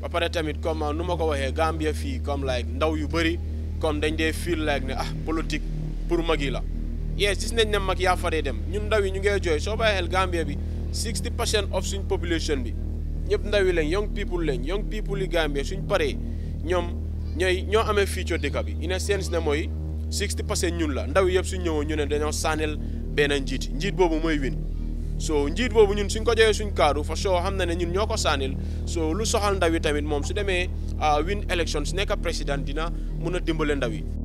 ba pare tamit comme nu ma ko waxee Gambia fii comme like ndaw yu bëri comme dañ dee feel like ne ah politique pour mag yi la yes gis nañ ne mag yaa faree dem ñun ndaw yi ñu ngee jooy soo bàyyi xel Gambia bi 60 percent of suñ population bi ñëpp ndaw yi lañ young people lañ young people yi Gambia suñ paree ñoom ñooy ñoo amee fii co dëkk bi ñu a sense ne mooy 60 percent ñun la ndaw yi yëpp suñ ñëwoon ñu ne dañoo saaneel benn njiit njiit boobu mooy win so njiit boobu ñun suñ ko joxee suñ kaadu fa soo xam na ne ñun ñoo ko saanil so lu soxal ndaw yi tamit moom su demee uh, win elections nekk président dina mun a dimbale ndaw yi